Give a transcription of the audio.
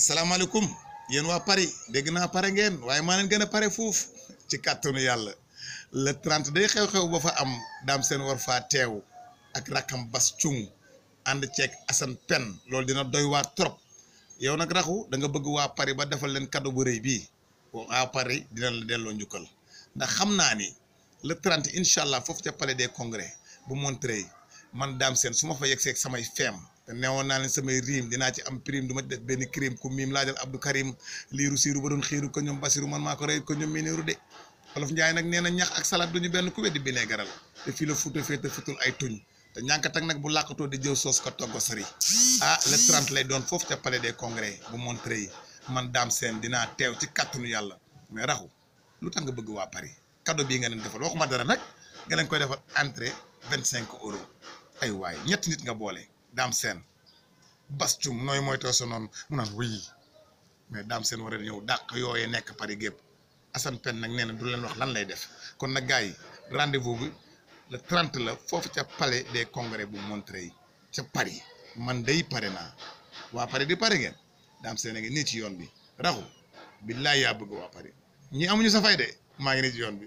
asalaamaaleykum yéen waa Paris dégg naa pare ngeen waaye maa leen gën a pare fuuf ci kàttanu yàlla le 30 day xew-xew ba fa am daam seen war faa teew ak rakkam bas cung ànd ceeg asan pen loolu dina doy waar trop yow nag raxu da nga bëgg waa Paris ba defal leen cadeau bu rëy bii waa Paris dina la delloo njukkal ndax xam naa ni le 30 incha allah foofu ca pale des congrès bu Montreuil man daam seen su ma fa yegg seeg samay feem te newoon naa leen samay riim dinaa ci am prime duma def ben crime ku mim laajal Abdou Karim liiru siru ba don xiiru ko ñom Basiru man maa ko ko ñoom Miniru de Wolof Njaay nak neena ñax ak salade duñu ben ku bi ne garal te fi la foot fe te futul ay tuñ te ñànkatak nak bu laqato di jëw soos ko togo sari ah le 30 lay don foofu ca palais des congrès bu montrer yi man dam sen dina tew ci kàttanu yalla mais raxu lu tax nga bëgg wa Paris cadeau bi nga leen defal waxuma dara nak nga leen koy defal entrée 25 euros ay way ñet nit nga boole daam seen bastum nooy moytoo sa noonu mu naan wuy mais daam seen war a ñëw dàq yooyee nekk Paris gépp Assane Pène nag nee na du leen wax lan lay def kon na gars yi rendez bi le trante la foofu ca palais des congrès bu Montreuil ca Paris man day pare naa waa pare di pare ngeen daam seen a ngi nii ci yoon bi raxu billaay yaa bëgg waa Paris ñi amuñu sa de maa ngi nii ci yoon bi